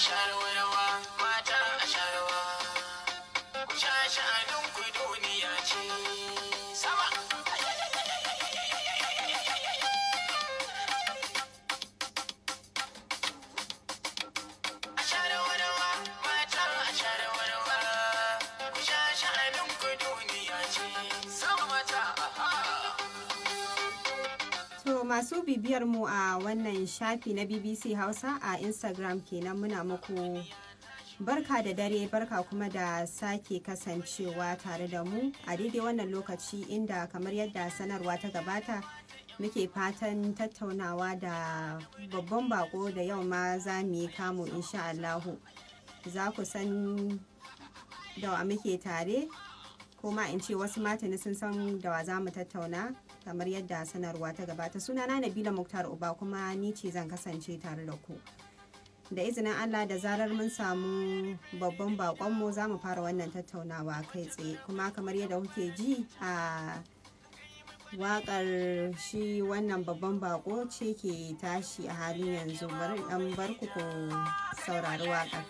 shadow masu bibiyar mu a wannan shafi na bbc hausa a instagram kenan muna muku barka da dare barka kuma da sake kasancewa tare da mu a daidai wannan lokaci inda kamar yadda sanarwa ta gabata muke fatan tattaunawa da babban bako da yau ma za mu yi kamu insha Allahu za ku san da wa muke tare ko ma in ce wasu matani sun san da wa za mu tattauna kamar yadda sanarwa ta gabata sunana Nabila Muktar Uba kuma ni ce zan kasance tare da ku. Da izinin Allah da zarar mun samu babban bakonmu za mu fara wannan tattaunawa kai tsaye kuma kamar yadda kuke ji a wakar shi wannan babban bako ce ke tashi a halin yanzu bari dan barku ku saurari wakar.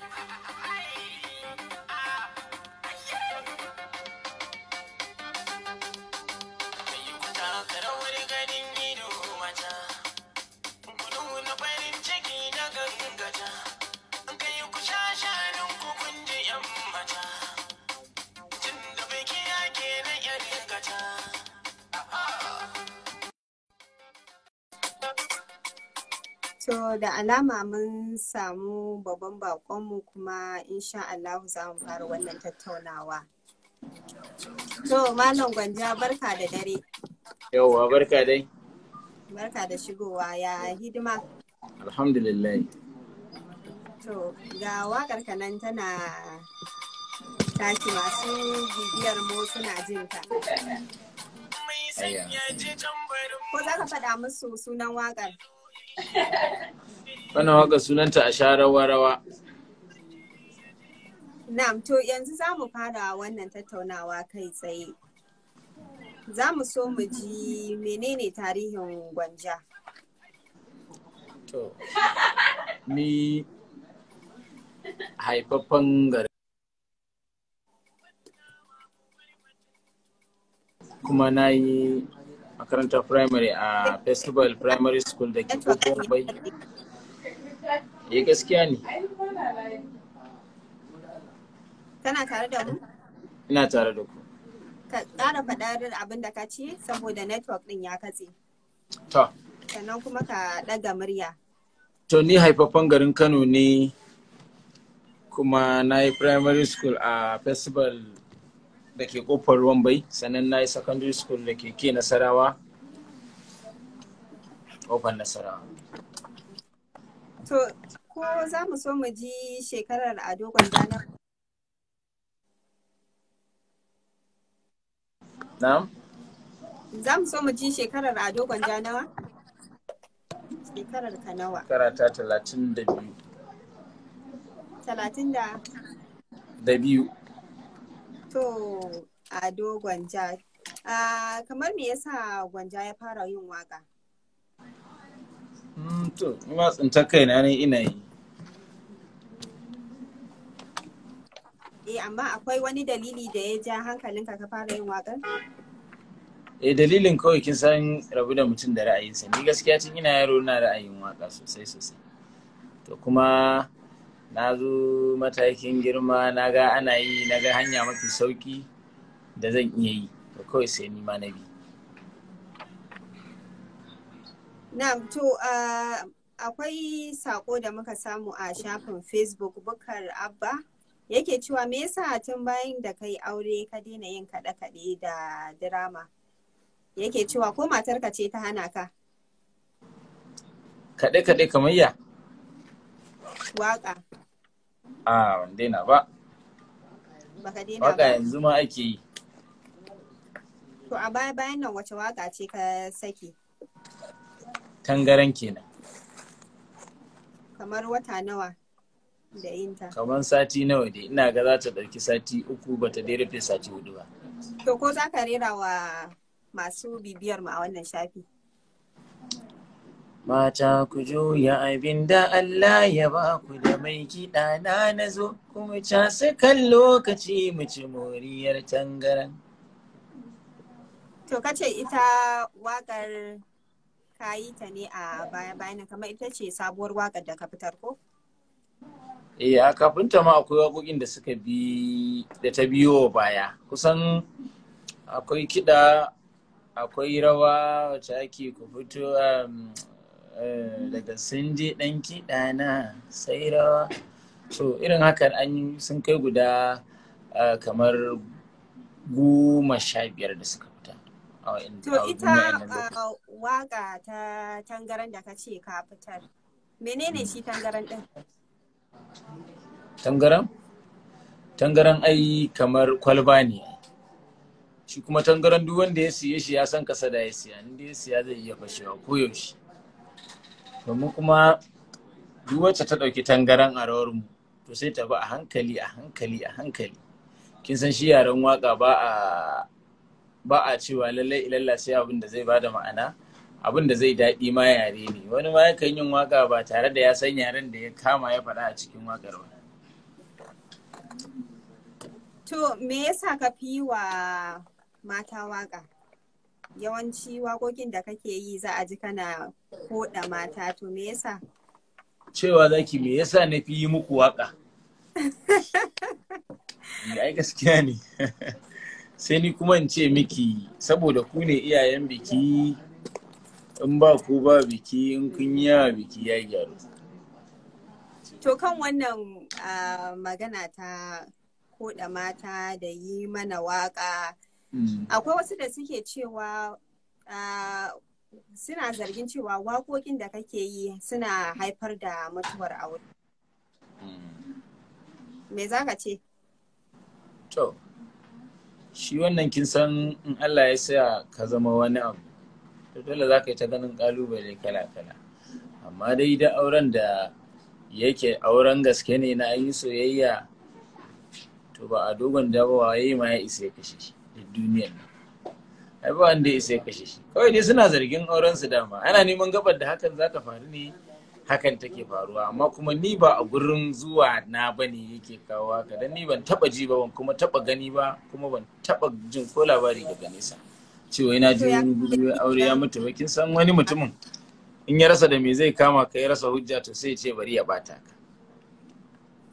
da alama mun samu babban bakonmu kuma insha Allah za mu fara wannan tattaunawa. To Malam Gwanja barka da dare. Yauwa barka dai. Barka da shigowa ya hidima. Alhamdulillah. To ga wakar nan tana tashi masu bibiyar mu suna jin ta. Ko za ka faɗa musu sunan wakar? Wannan waka sunanta a sha rawa-rawa. Na'am, to yanzu za mu fara wannan tattaunawa kai tsaye. Za mu so mu ji menene tarihin gwanja. To, ni haifafan gari. Kuma na yi makarantar primary a festival primary school da ke koko bai Ya eh, gaskiya ne kana tare da mu ina tare da ku ka ƙara faɗar abin da ka ce saboda network ɗin ya katse to sannan kuma ka ɗaga murya to ni haifafan garin kano ne kuma na yi primary school a festival da ke kofar ruwan bai sannan na yi secondary school da ke ke nasarawa kofar nasarawa to ko za mu so mu ji shekarar ado gwandana na za mu so mu ji shekarar ado gwandana shekarar ka nawa karata talatin da biyu talatin da da biyu To, Ado Gwanja. Uh, kamar me yasa Gwanja ya fara yin waka? Mm, to, matsin ta kaina ne ina yi. Eh, amma akwai wani dalili da ya ja hankalinka ka fara yin waka? Eh, dalilin kawai kin san rabu da mutum da ra'ayinsa. Ni gaskiya tun ina yaro na ra'ayin waka sosai sosai. To kuma na zo matakin girma na ga ana yi na ga hanya mafi sauki da zan iya yi to kawai sai ni ma na bi Na to akwai sako da muka samu a shafin facebook bukar abba yake cewa me yasa tun bayan da kai aure ka daina yin kaɗe-kaɗe da dirama yake cewa ko matarka ce ta hana ka kaɗe-kaɗe kamar ya Waka. A ban daina ba. Waka yanzu ma ake yi. To a baya bayan nan wace waka ce ka sake? tangaren kenan. Kamar wata nawa da yinta? Kamar sati nawa dai ina ga za ta ɗauki sati uku ba ta dai rufe sati hudu ba. To ko za ka rera wa masu bibiyar ma a wannan shafi? Mata ku juya abin da Allah ya ba ku da mai kiɗa na na kuma ta kan lokaci mu ci moriyar tangaran. To kace ita wakar yi ta ne a baya bayan kamar ita ce sabuwar wakar da ka fitar ko? Eh a kafin ta ma akwai waƙoƙin da suka bi da ta biyo baya. Kusan akwai kiɗa akwai rawa wacce ake ku fito um, Eh, daga sun je ɗan kiɗa sai rawa so irin hakan an sun kai guda eh, kamar goma sha biyar da suka fita to ita waga eh, ta tangaran da ka ce ka fitar menene shi tangaran ɗin tangaran tangaran ai kamar kwalba ne shi kuma tangaran duk wanda ya siye shi ya san kasa da ya siya inda ya siya zai iya fashewa koyaushe domin kuma duk wacce ta ɗauki tangaran a rawar mu to sai ta bi a hankali a hankali a hankali kin san shi yaren waka ba a ba a cewa lallai ilalla sai abin da zai bada ma'ana abin da zai daɗi ma yare ne wani ma yakan yin waka ba tare da ya san yaren da ya kama ya faɗa a cikin wakar ba to me yasa ka fi wa mata waka yawanci waƙoƙin da kake yi za a ji kana koɗa mata to me yasa? Cewa zaki me yasa na fi yi muku waƙa? Ai gaskiya ne. Sai ni kuma in ce miki saboda ku ne iyayen biki in ba ku ba biki in kun yawa biki ya gyaru. To kan wannan ah, magana ta koɗa mata da yi mana waƙa. Mm. Akwai wasu da suke cewa suna zargin cewa waƙoƙin da kake yi suna haifar da mutuwar aure. Mm. Me za ka ce? To, shi wannan kin san in Allah ya saya ka zama wani abu, to dole za ka yi ta ganin ƙalubale kala-kala. Amma dai da auren da yake auren gaske ne na yin soyayya, to ba a dogon dabawa ya yi ma ya isa ya kashe shi. da duniyar nan wanda ya sai kashe shi kawai dai suna zargin auren su dama ana neman gabar da hakan za ta faru ne hakan take faruwa amma kuma ni ba a gurin zuwa na bane yake kawo haka dan ni ban taba ji ba ban kuma taba gani ba kuma ban taba jin ko labari daga nesa cewa yana ji wani aure ya mutu ba kin san wani mutumin in ya rasa da me zai kama ka ya rasa hujja to sai ce bari ya bata ka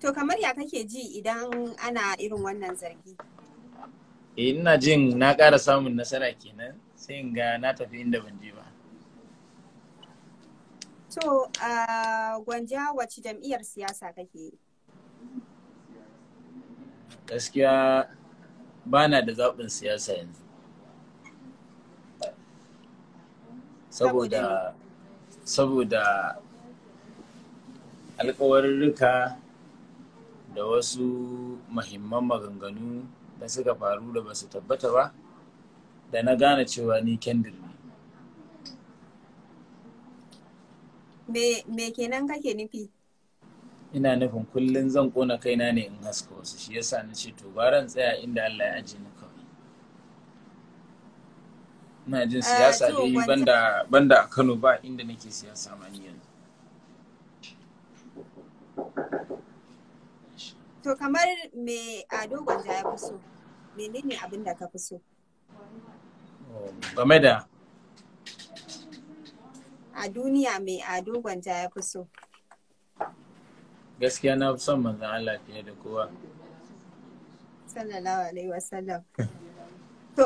to kamar ya kake ji idan ana irin wannan zargi Eh, ina jin na ƙara samun nasara kenan sai in ga na tafi inda ban je ba to a gwanja wacce jam'iyyar siyasa kake gaskiya ba na da zaɓin siyasa yanzu saboda saboda da wasu mahimman maganganu da suka faru da basu tabbata ba da na gane cewa ni kendir ne me kenan kake nufi ina nufin kullum zan kona kaina ne in haska wasu shi yasa na ce to baran tsaya inda Allah ya ji ni kawai ina jin eh, siyasa dai banda banda a Kano ba inda nake siyasa ma yanzu to kamar me ado gwanja ya fi so menene abin da ka fi so game da a duniya me ado gwanja ya fi so gaskiya na fi son manzan Allah fiye da kowa sallallahu alaihi wasallam to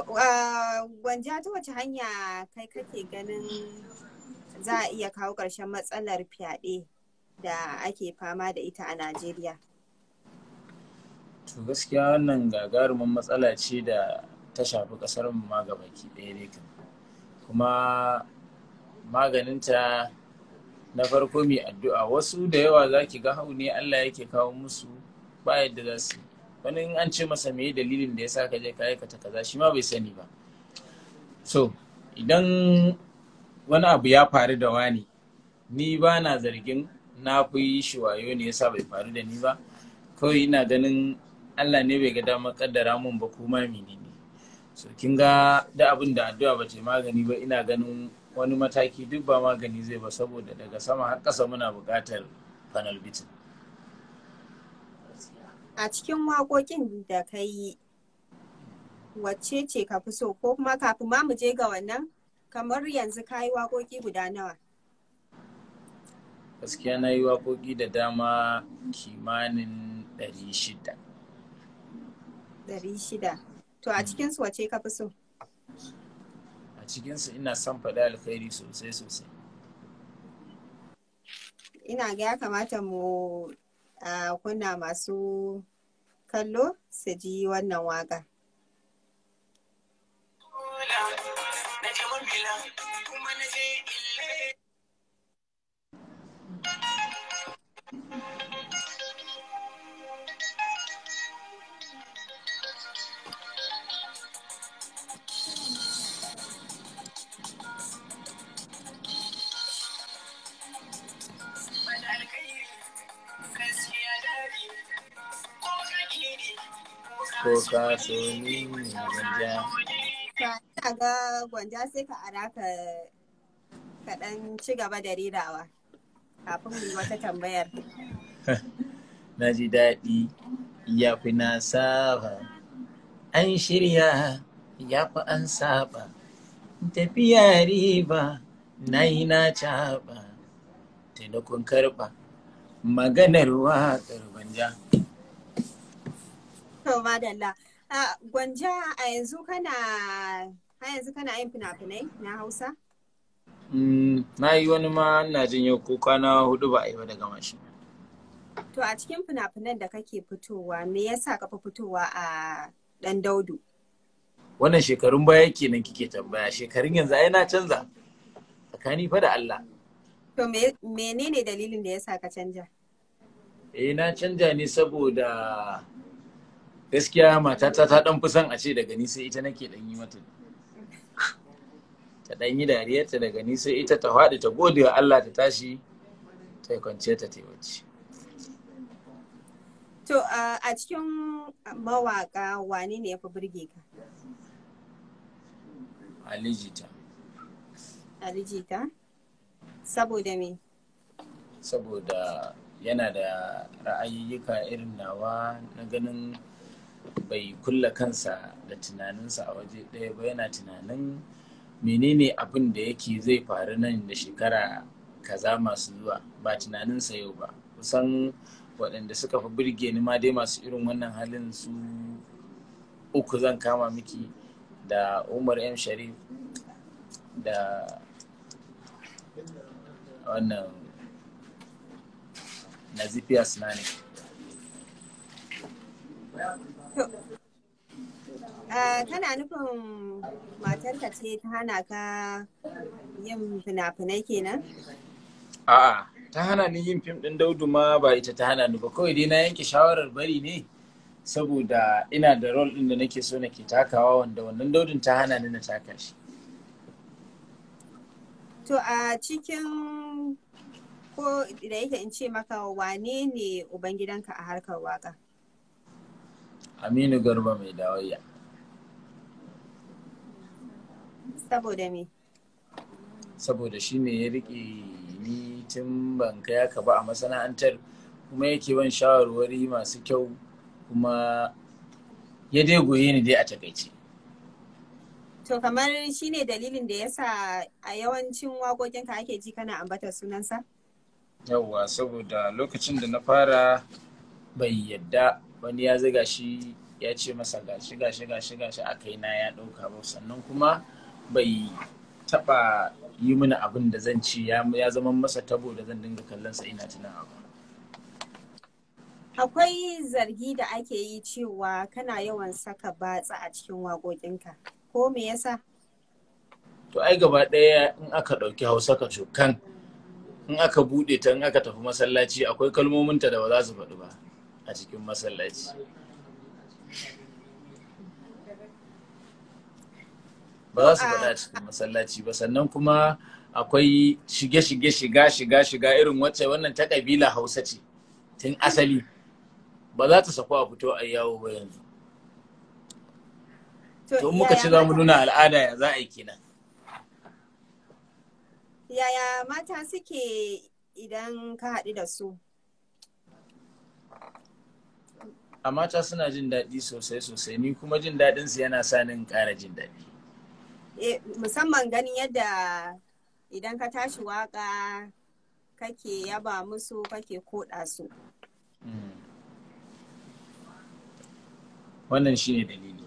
gwanja ta wace hanya kai kake ganin za a iya kawo ƙarshen matsalar fyaɗe da ake fama da ita a Najeriya? to gaskiya wannan gagarumin matsala ce da ta shafi kasar mu ma baki ɗaya ne kan kuma maganinta na farko mai addu'a wasu da yawa za ki ga hau ne Allah yake kawo musu ba yadda za su wani in an ce masa me dalilin da ya sa ka je ka aikata kaza shi ma bai sani ba so idan wani abu ya faru da wani ni ba na zargin na fi shi wayo ne yasa bai faru da ni ba kawai ina ganin Allah ne bai ga dama kaddara mun ba kuma menene so kin ga da abin da addu'a ba ce magani ba ina ganin wani mataki duk ba magani zai ba saboda daga sama har ƙasa muna buƙatar panel bitin a cikin waƙoƙin da ka yi wacce ce ka fi so ko kuma kafin ma mu je ga wannan kamar yanzu ka yi waƙoƙi guda nawa gaskiya na yi waƙoƙi da dama kimanin ɗari shida. ɗari shida to a cikinsu wace ka fi so a cikinsu ina son faɗi alkhairi sosai sosai ina ga ya kamata mu kunna masu kallo su ji wannan waka. ko ka so ni gwanja. Ina ga gwanja sai ka ara ka kaɗan ci gaba da rirawa kafin mu wata tambayar. Na ji daɗi ya fi na saba, an shirya ya fi an saba, tafiya riba na yi na caɓa, taimakon karɓa, maganar waƙar gwanja. To madalla. Gwanja a yanzu kana a yanzu kana yin fina-finai na Hausa? Mm, na yi wani ma na jin yau ko kwana hudu ba a yi ba daga mashi. To a cikin fina-finan da kake fitowa me yasa ka fi fitowa a dan daudu? Wannan shekarun baya kenan kike tambaya shekarun yanzu ai na canza tsakani fa da Allah. To menene dalilin da yasa ka canja? Eh na canja ne saboda gaskiya matata ta dan fusan a ce daga ni sai ita nake dan yi mata ta dan yi dariyarta daga ni sai ita ta faɗi ta gode wa Allah ta tashi ta kwance ta taimaci. To a cikin mawaƙa wane ne ya fi burge ka? Alijita. Alijita? Saboda me? Saboda yana da ra'ayyuka irin nawa na ganin bai kulla kansa da tunaninsa a waje ɗaya ba yana tunanin menene abin da yake zai faru nan da shekara kaza masu zuwa ba tunaninsa yau ba kusan waɗanda suka fi birge ni ma dai masu irin wannan halin su uku zan kama miki da umar m sharif da wannan nazifiya sinani kana nufin matarka ce ta hana ka yin fina-finai kenan? A'a, ta hana ni yin fim ɗin daudu ma ba ita ta hana ni ba kawai dai na yanke shawarar bari ne saboda ina da rol ɗin da nake so nake takawa wanda wannan daudin ta hana ni na taka shi. To a cikin ko da yake in ce maka wane ne ubangidanka a harkar waka? Aminu Garba mai dawayya. Saboda me? Saboda shi ne ya riƙe ni tun ban kai ka ba a masana'antar kuma yake ban shawarwari masu kyau kuma ya dai goye ni dai a takaice. To kamar shi ne dalilin da ya sa a yawancin waƙoƙinka ake ji kana ambatar sunansa? Yawwa saboda lokacin da na fara bai yadda wani ya ziga shi ya ce masa gashi gashi gashi gashi a kaina ya ɗauka ba sannan kuma bai taɓa yi mini abin da zan ci ya zama masa tabo da zan dinga kallon sa ina tunan abu Akwai zargi da ake yi cewa kana yawan saka batsa a cikin waƙoƙinka, ko me yasa? To ai gaba ɗaya in aka ɗauki hausa ka cokan, in aka buɗe ta in aka tafi masallaci akwai kalmomin ta da ba za su faɗi ba. a cikin masallaci ba za su faɗa a cikin masallaci ba sannan kuma akwai shige-shige shiga shiga shiga irin wacce wannan ta ƙabila hausa ce tun asali ba za ta sako a fito a yawo ba yanzu to muka ci za mu nuna al'ada ya za a yi kenan yaya mata suke idan ka haɗu da su a mata suna jin daɗi sosai sosai ni kuma jin daɗin su yana sa ni ƙara jin daɗi eh, musamman ganin yadda idan ka tashi waka kake yaba musu kake koɗa su hmm. wannan shi ne dalili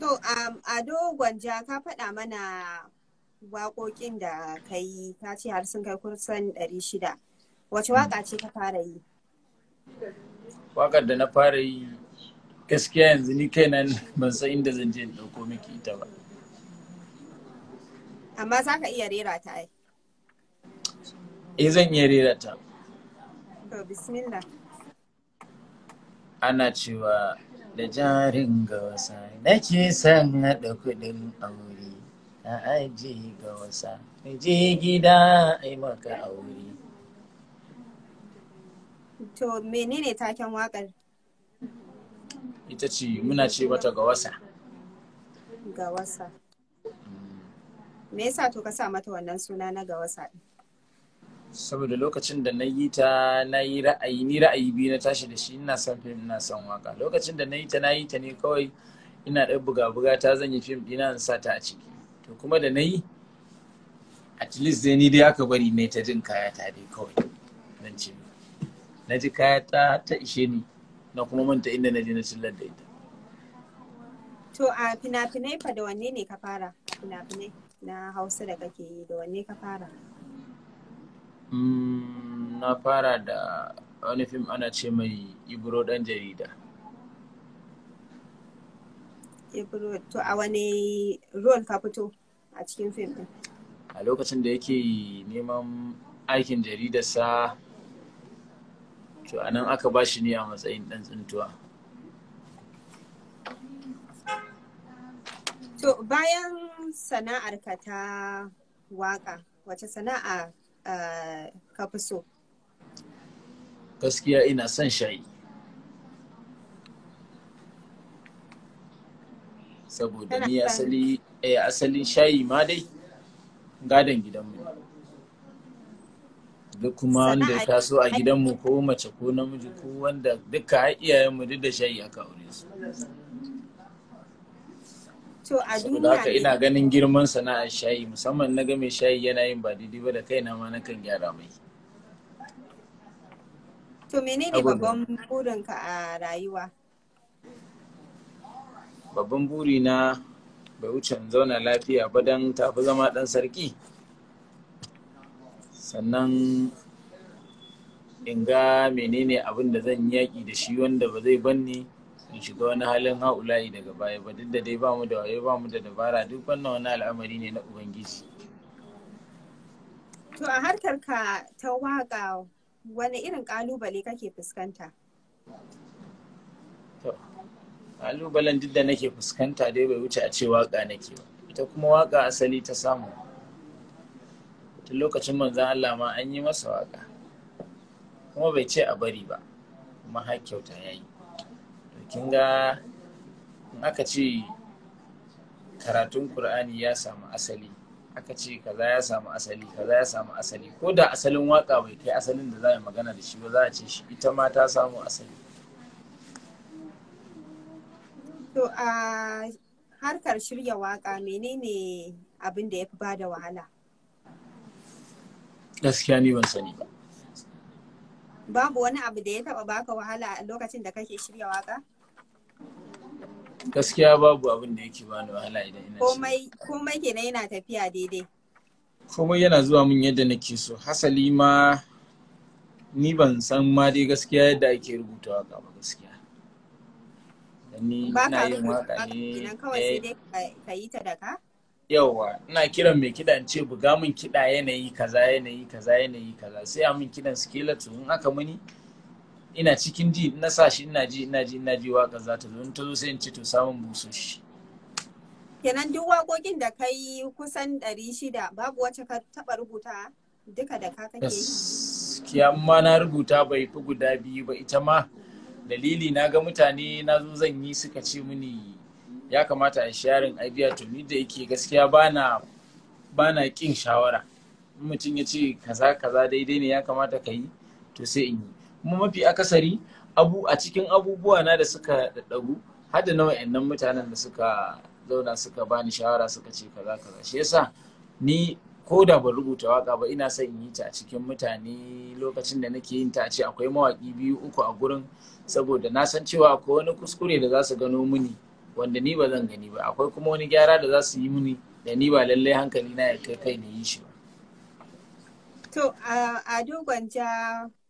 to um, ado gwanja ka faɗa mana waƙoƙin da ka yi ta ce har sun kai kusan ɗari shida. wace waka ce ka fara yi wakar da na fara yi gaskiya yanzu ni nan, ban san inda zan je in dauko miki ita ba amma za ka iya rera ta ai eh zan iya rera ta to bismillah ana cewa da jarin ga wasa nake son haɗa kuɗin aure a aji ga wasa je gida a yi maka aure To menene taken wakar? Ita ce muna ce mata ga wasa. Ga wasa. Me yasa to ka sa mata wannan suna na ga wasa? Saboda lokacin da na yi ta na yi ra'ayi ni ra'ayi biyu na tashi da shi ina son fim ina son waka. Lokacin da na yi ta na yi ta ne kawai ina ɗan buga-buga ta zan yi fim ɗina in sa ta a ciki. To kuma da na yi at least dai ni dai aka bari ne ta jin kaya ta dai kawai. Nan ce na ji kaya ta ta ishe ni na kuma manta inda na je na cillar da ita to a fina-finai fa da wanne ne ka fara fina-finai na hausa da kake yi da wanne ka fara mm, na fara da wani fim ana ce mai ibro dan jarida ibro to a wani ruwan ka fito a cikin fim din a lokacin da yake neman aikin jaridarsa to a aka ba shi ne a matsayin ɗan tsintuwa to bayan sana'arka ta waka wace sana'a eh, ka fi so gaskiya ina son shayi saboda ni asali eh, asalin shayi ma dai gadon gidanmu ne duk kuma wanda ya taso a gidanmu ko mace ko namiji ko wanda duka har iyayenmu duk da shayi aka aure su Saboda haka ina ganin girman sana'ar shayi musamman na game shayi yana yin ba daidai ba da kaina ma na kan gyara mai to menene babban burinka a rayuwa babban buri na bai wuce zauna lafiya ba don tafi zama dan sarki sannan in ga menene abin da zan yaƙi da shi wanda ba zai banni in shiga wani halin haula'i daga baya ba duk da dai ba mu da waye ba mu da dabara duk wannan wani al'amari ne na ubangiji to a harkar ka ta waka wani irin kalubale kake fuskanta to kalubalen duk da nake fuskanta dai bai wuce a ce waka nake ba ita kuma waka asali ta samu tun lokacin manzan Allah ma an yi masa waka kuma bai ce a bari ba kuma har kyauta ya yi kin ga in aka ce karatun Kur'ani ya samu asali aka ce kaza ya samu asali kaza ya samu asali ko da asalin waka bai kai asalin da za a magana da shi ba za a ce shi ita ma ta samu asali to a harkar shirya waka menene abin da ya fi bada wahala Gaskiya ni ban sani ba. Babu wani abu da ya taba baka wahala a lokacin da kake shirya waka? Gaskiya babu abin da yake bani wahala idan ina komai komai kenan yana tafiya daidai. Komai yana zuwa min yadda nake so. Hasali ma ni ban san ma dai gaskiya yadda ake rubuta waka ba gaskiya. Ni ina yin waka ne. Ba ka rubuta kawai sai eh. dai ka yi ta da ka? yauwa ina kiran mai kiɗa ce buga min kiɗa yanayi kaza yanayi kaza yanayi kaza sai a min kiɗan skeleton in aka muni ina cikin ji na sa shi ina ji ina ji ina ji waka za ta zo in ta zo sai in ce to samun busoshi kenan duk waƙoƙin da ka yi kusan ɗari shida babu wacce ka taɓa rubuta duka da ka kake yi amma na rubuta bai fi guda biyu ba ita ma dalili na ga mutane na zo zan yi suka ce mini ya kamata a sharin idea to ni da yake gaskiya ba na kin shawara in mutum ya ce kaza kaza daidai ne ya kamata ka yi to sai in yi kuma mafi akasari a cikin abubuwa na da suka daddagu hada na wayannan mutanen da suka zauna suka bani shawara suka ce kaza kaza shi yasa ni ko da ban rubuta waka ba ina son in yi ta a cikin mutane lokacin da nake yin ta a ce akwai mawaki biyu uku a gurin saboda na san cewa akwai wani kuskure da za su gano muni. wanda ni ba zan gani ba akwai kuma wani gyara da za su yi muni da ni ba lallai hankali na ya kai kai na yi shi ba to a gwanja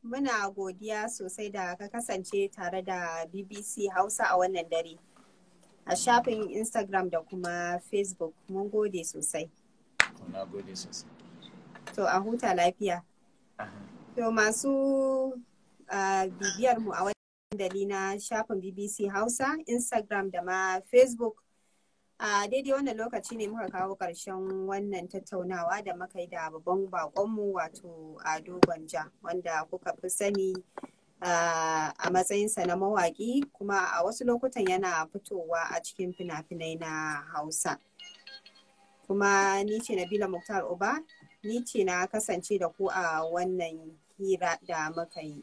muna godiya sosai da ka kasance tare da bbc hausa a wannan dare a shafin instagram da kuma facebook mun gode sosai to a huta lafiya to masu bibiyar mu a dandali na shafin BBC Hausa, Instagram da ma Facebook. A daidai wannan lokaci ne muka kawo ƙarshen wannan tattaunawa da muka yi da babban bakonmu, wato Ado Gwanja wanda kuka fi sani a matsayinsa na mawaƙi kuma a wasu lokutan yana fitowa a cikin fina-finai na Hausa. Kuma ni ce Nabila Muktar Uba, ni ce na kasance da ku a wannan hira da muka yi.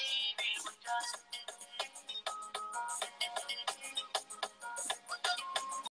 Bye.